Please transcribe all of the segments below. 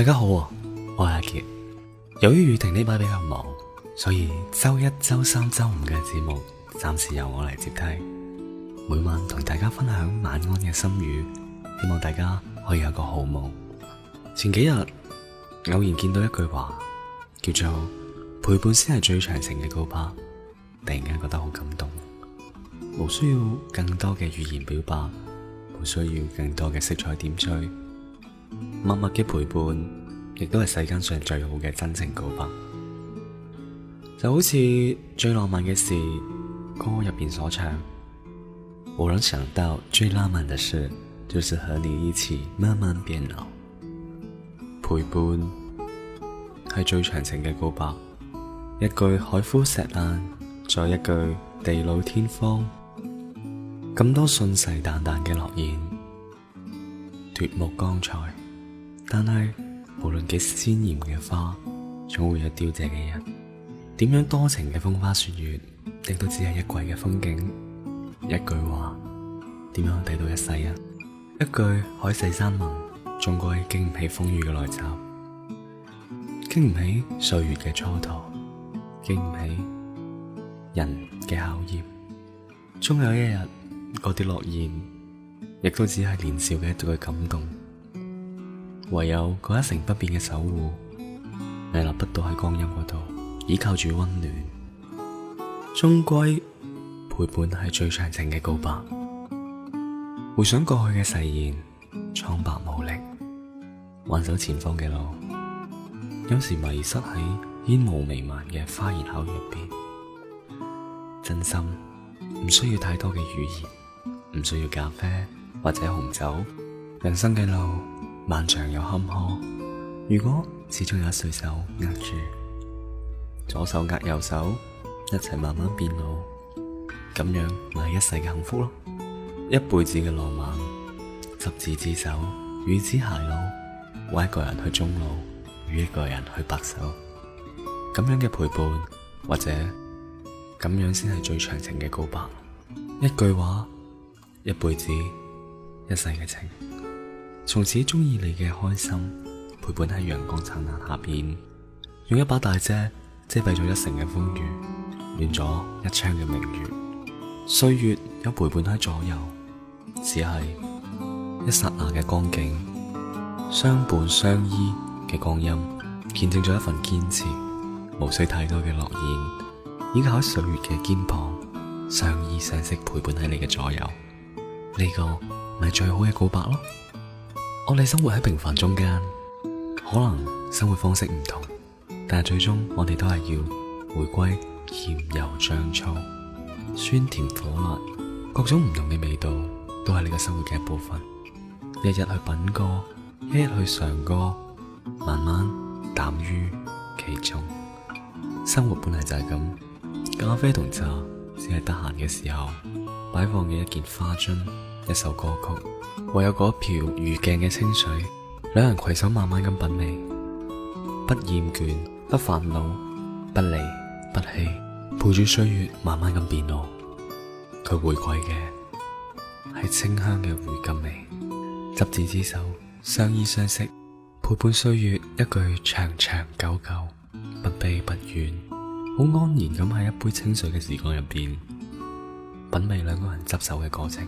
大家好，我係阿杰。由於雨婷呢排比較忙，所以周一、周三、周五嘅節目暫時由我嚟接替。每晚同大家分享晚安嘅心語，希望大家可以有個好夢。前幾日偶然見到一句話，叫做陪伴先係最長情嘅告白，突然間覺得好感動。無需要更多嘅語言表白，無需要更多嘅色彩點綴。默默嘅陪伴，亦都係世間上最好嘅真情告白。就好似最浪漫嘅事，歌入面所唱。無論想到最浪漫嘅事，就是和你一起慢慢變老。陪伴係最長情嘅告白。一句海枯石爛，再一句地老天荒，咁多信誓旦旦嘅諾言，奪目光彩。但係，無論幾鮮艷嘅花，總會有凋謝嘅日；點樣多情嘅風花雪月，亦都只係一季嘅風景。一句話，點樣睇到一世人啊？一句海誓山盟，終歸經唔起風雨嘅來襲，經唔起歲月嘅蹉跎，經唔起人嘅考驗。終有一日，嗰啲諾言，亦都只係年少嘅一句感動。唯有嗰一成不變嘅守護屹立不倒喺光陰嗰度，倚靠住溫暖，終歸陪伴係最長情嘅告白。回想過去嘅誓言，蒼白無力，挽手前方嘅路，有時迷失喺煙霧彌漫嘅花言巧語入邊。真心唔需要太多嘅語言，唔需要咖啡或者紅酒，人生嘅路。漫長又坎坷，如果始終有一雙手握住，左手握右手，一齊慢慢變老，咁樣咪係一世嘅幸福咯！一輩子嘅浪漫，執子之手，與子偕老，為一個人去終老，與一個人去白首，咁樣嘅陪伴或者咁樣先係最長情嘅告白，一句話，一輩子，一輩子，一世嘅情。從此中意你嘅開心，陪伴喺陽光燦爛下邊，用一把大遮遮蔽咗一城嘅風雨，暖咗一窗嘅明月。歲月有陪伴喺左右，只係一剎那嘅光景。相伴相依嘅光陰，見證咗一份堅持，無需太多嘅諾言，依靠喺歲月嘅肩膀，相依相惜陪伴喺你嘅左右。呢、這個咪最好嘅告白咯～我哋生活喺平凡中間，可能生活方式唔同，但係最終我哋都係要回歸鹽、油、醬、醋、酸甜苦辣，各種唔同嘅味道都係你嘅生活嘅一部分。日日去品過，日日去嘗過，慢慢淡於其中。生活本來就係咁，咖啡同茶只係得閒嘅時候擺放嘅一件花樽。一首歌曲，唯有嗰一瓢如鏡嘅清水，兩人攜手慢慢咁品味，不厭倦，不煩惱，不離不棄，陪住歲月慢慢咁變老。佢回饋嘅係清香嘅回甘味，執子之手，相依相惜，陪伴歲月一句長長久久，不悲不怨，好安然咁喺一杯清水嘅時光入邊，品味兩個人執手嘅過程。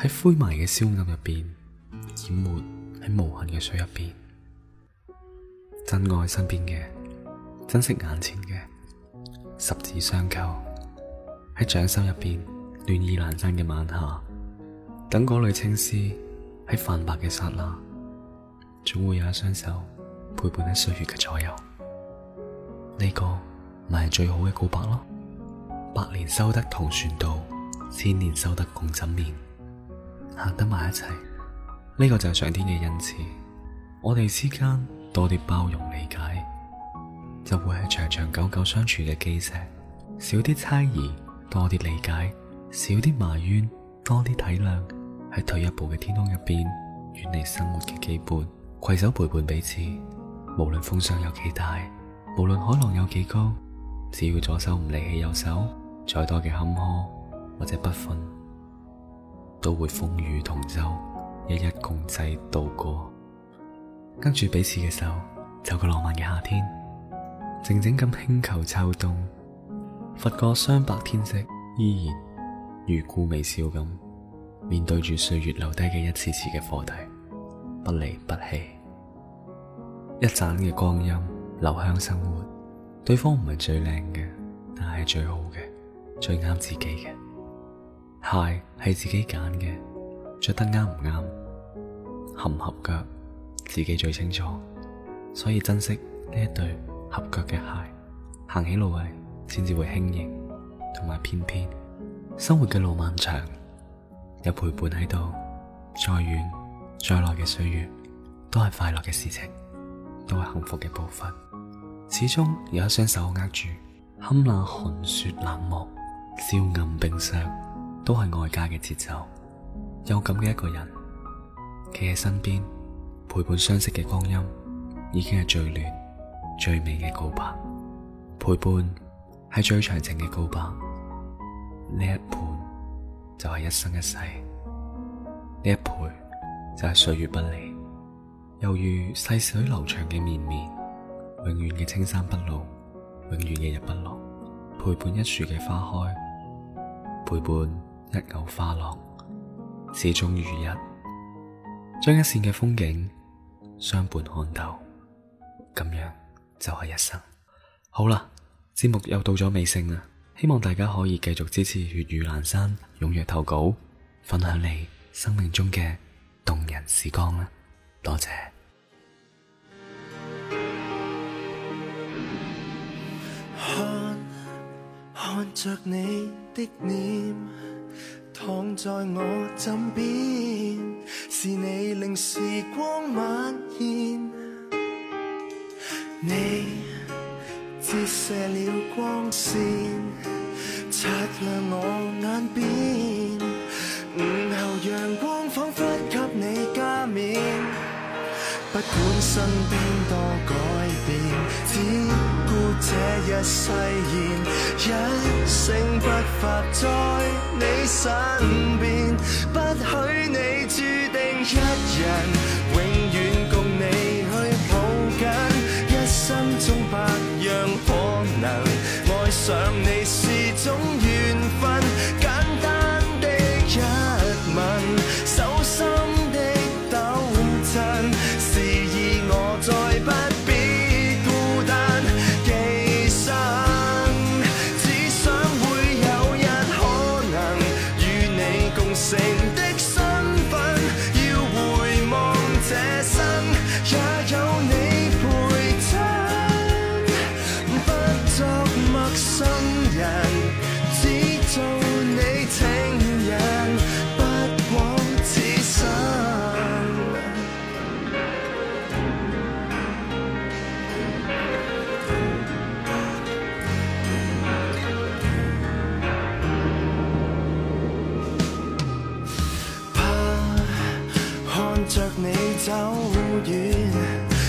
喺灰霾嘅蕭暗入邊，掩沒喺無痕嘅水入邊，珍愛身邊嘅，珍惜眼前嘅，十指相扣喺掌心入邊，暖意闌珊嘅晚霞，等嗰縷青絲喺泛白嘅剎那，總會有一雙手陪伴喺歲月嘅左右。呢、這個咪係最好嘅告白咯，百年修得同船渡，千年修得共枕眠。行得埋一齊，呢個就係上天嘅恩賜。我哋之間多啲包容理解，就會係長長久久相處嘅基石。少啲猜疑，多啲理解；少啲埋怨，多啲體諒。喺退一步嘅天空入邊，遠離生活嘅基本，攜手陪伴彼此。無論風霜有幾大，無論海浪有幾高，只要左手唔離棄右手，再多嘅坎坷或者不忿。都會風雨同舟，一一共濟度過，跟住彼此嘅手，走過浪漫嘅夏天，靜靜咁輕扣秋冬，拂過霜白天色，依然如故微笑咁面對住歲月留低嘅一次次嘅課題，不離不棄，一盞嘅光陰留香生活，對方唔係最靚嘅，但係最好嘅，最啱自己嘅。鞋係自己揀嘅，着得啱唔啱，合唔合腳，自己最清楚。所以珍惜呢一對合腳嘅鞋，行起路嚟，先至會輕盈，同埋翩翩。生活嘅路漫長，有陪伴喺度，再遠再耐嘅歲月都係快樂嘅事情，都係幸福嘅部分。始終有一雙手握住，堪那寒雪冷漠，蕭暗冰霜。都係外界嘅節奏，有咁嘅一個人企喺身邊，陪伴相識嘅光陰，已經係最暖、最美嘅告白。陪伴係最長情嘅告白，呢一伴就係、是、一生一世，呢一陪就係、是、歲月不離，猶如細水流長嘅綿綿，永遠嘅青山不老，永遠日日不落。陪伴一樹嘅花開，陪伴。一藕花落，始終如一，將一線嘅風景相伴看透，咁樣就係一生。好啦，節目又到咗尾聲啦，希望大家可以繼續支持粵語闌珊，踴躍投稿，分享你生命中嘅動人時光啦，多謝。看，看着你的臉。躺在我枕邊，是你令時光蔓延。你折射了光線，擦亮我眼邊。午後陽光仿佛給你加冕，不管身邊多。一誓言，一聲不發，在你身邊，不許你注定一人。着你走遠，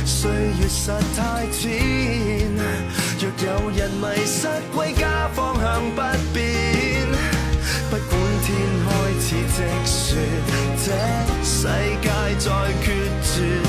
歲月實太淺。若有人迷失歸家方向不變，不管天開始積雪，這世界在決絕。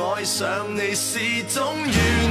愛上你是種緣。